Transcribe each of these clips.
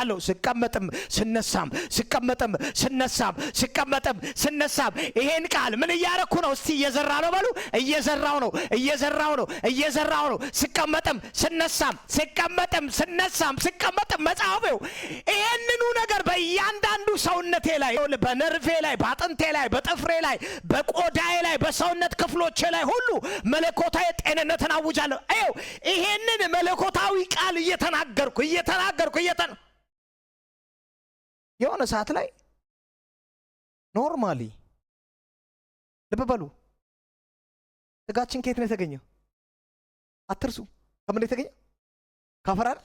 አለው ስቀመጥም ስነሳም ስቀመጥም ስነሳም ስቀመጥም ስነሳም። ይሄን ቃል ምን እያረኩ ነው? እስቲ እየዘራ ነው በሉ። እየዘራው ነው እየዘራው ነው እየዘራው ነው። ስቀመጥም ስነሳም ስቀመጥም ስነሳም ስቀመጥም። መጽሐፌው ይሄንኑ ነገር በእያንዳንዱ ሰውነቴ ላይ በነርቬ ላይ በአጥንቴ ላይ በጥፍሬ ላይ በቆዳዬ ላይ በሰውነት ክፍሎቼ ላይ ሁሉ መለኮታዊ ጤንነትን አውጃለሁ። ይሄንን መለኮታዊ ቃል እየተናገርኩ እየተናገርኩ እየተና የሆነ ሰዓት ላይ ኖርማሊ ልብ በሉ ስጋችን ከየት ነው የተገኘው? አትርሱ። ከምን የተገኘው? ከአፈራር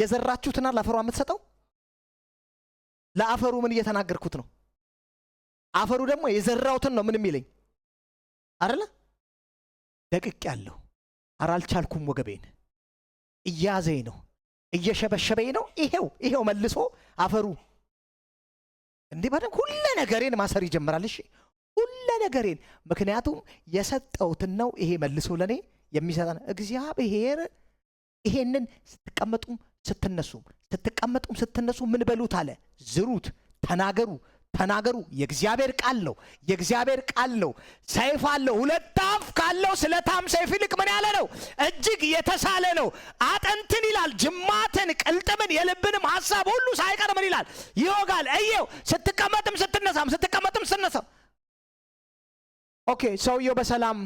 የዘራችሁትና ለአፈሯ የምትሰጠው ለአፈሩ ምን እየተናገርኩት ነው? አፈሩ ደግሞ የዘራውትን ነው ምንም የሚለኝ አደለ? ደቅቅ ያለው አራልቻልኩም፣ ወገቤን እያዘኝ ነው፣ እየሸበሸበኝ ነው። ይሄው ይሄው መልሶ አፈሩ እንዴ በደንብ ሁለ ነገሬን ማሰር ይጀምራል። እሺ ሁለ ነገሬን ምክንያቱም የሰጠውትን ነው። ይሄ መልሶ ለእኔ የሚሰጠን እግዚአብሔር ይሄንን ስትቀመጡም ስትነሱም ስትቀመጡም ስትነሱ ምን በሉት አለ ዝሩት፣ ተናገሩ፣ ተናገሩ። የእግዚአብሔር ቃል ነው። የእግዚአብሔር ቃል ነው። ሰይፍ አለው። ሁለት አፍ ካለው ስለታም ሰይፍ ይልቅ ምን ያለ ነው? እጅግ የተሳለ ነው። አጥንትን ይላል፣ ጅማትን፣ ቅልጥምን፣ የልብንም ሀሳብ ሁሉ ሳይቀር ምን ይላል? ይወጋል። እየው ስትቀመጥም ስትነሳም፣ ስትቀመጥም ስትነሳም። ኦኬ ሰውየው በሰላም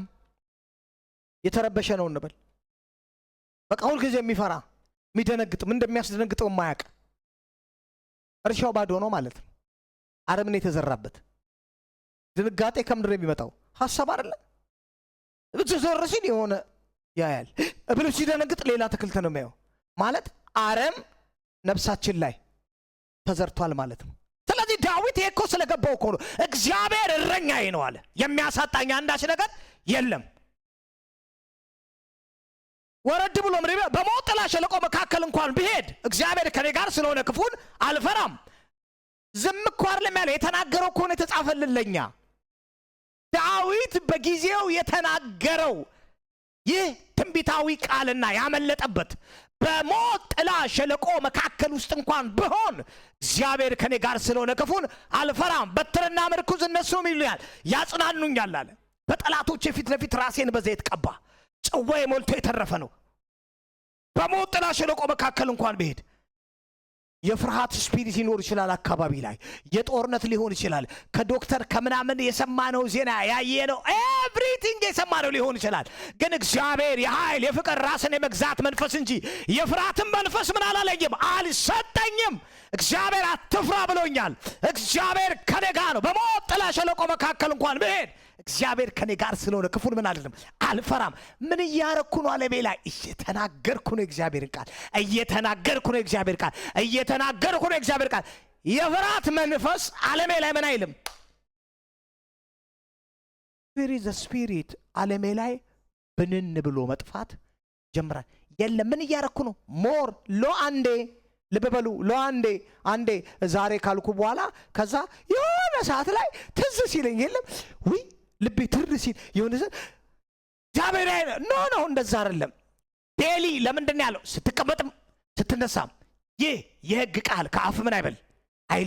የተረበሸ ነው እንበል። በቃ ሁልጊዜ የሚፈራ የሚደነግጥም እንደሚያስደነግጠው የማያውቅ እርሻው ባዶ ነው ማለት ነው። አረም ነው የተዘራበት። ድንጋጤ ከምድር የሚመጣው ሀሳብ አይደለ። ብትዞር የሆነ ያያል ብሎ ሲደነግጥ ሌላ አትክልት ነው የሚያየው። ማለት አረም ነፍሳችን ላይ ተዘርቷል ማለት ነው። ስለዚህ ዳዊት ይሄ እኮ ስለገባው እኮ ነው እግዚአብሔር እረኛዬ ነው አለ። የሚያሳጣኝ አንዳች ነገር የለም። ወረድ ብሎ በሞት ጥላ ሸለቆ መካከል እንኳን ብሄድ እግዚአብሔር ከኔ ጋር ስለሆነ ክፉን አልፈራም። ዝም እኮ አይደለም ያለው የተናገረው ከሆነ የተጻፈልን ለኛ ዳዊት በጊዜው የተናገረው ይህ ትንቢታዊ ቃልና ያመለጠበት በሞት ጥላ ሸለቆ መካከል ውስጥ እንኳን ብሆን እግዚአብሔር ከኔ ጋር ስለሆነ ክፉን አልፈራም፣ በትርና ምርኩዝ እነሱም ይሉኛል ያጽናኑኛል አለ። በጠላቶች የፊት ለፊት ራሴን በዘይት ቀባ፣ ጽዋዬ ሞልቶ የተረፈ ነው። በሞት ጥላ ሸለቆ መካከል እንኳን ብሄድ የፍርሃት ስፒሪት ሊኖር ይችላል። አካባቢ ላይ የጦርነት ሊሆን ይችላል። ከዶክተር ከምናምን የሰማነው ዜና ያየነው ኤቭሪቲንግ የሰማነው ሊሆን ይችላል። ግን እግዚአብሔር የኃይል የፍቅር ራስን የመግዛት መንፈስ እንጂ የፍርሃትን መንፈስ ምን አላለኝም አልሰጠኝም። እግዚአብሔር አትፍራ ብሎኛል። እግዚአብሔር ከኔ ጋር ነው። በሞት ጥላ ሸለቆ መካከል እንኳን ብሄድ እግዚአብሔር ከኔ ጋር ስለሆነ ክፉን ምን አይደለም አልፈራም። ምን እያረኩ ነው? ቤላ። እየተናገርኩ ነው እግዚአብሔር ቃል እየተናገርኩ ነው እግዚአብሔር ቃል እየተናገርኩ ነው እግዚአብሔር ቃል። የፍርሃት መንፈስ አለሜ ላይ ምን አይልም። ስፒሪት ስፒሪት አለሜ ላይ ብንን ብሎ መጥፋት ጀምራል። የለም ምን እያረኩ ነው? ሞር ሎ አንዴ ልብ በሉ ሎ አንዴ አንዴ ዛሬ ካልኩ በኋላ ከዛ የሆነ ሰዓት ላይ ትዝ ሲለኝ የለም ውይ ልቤ ትር ሲል የሆነ ሰ እግዚአብሔር ኖ ኖ እንደዛ አይደለም። ዴሊ ለምንድን ያለው? ስትቀመጥም ስትነሳም ይህ የህግ ቃል ከአፍ ምን አይበል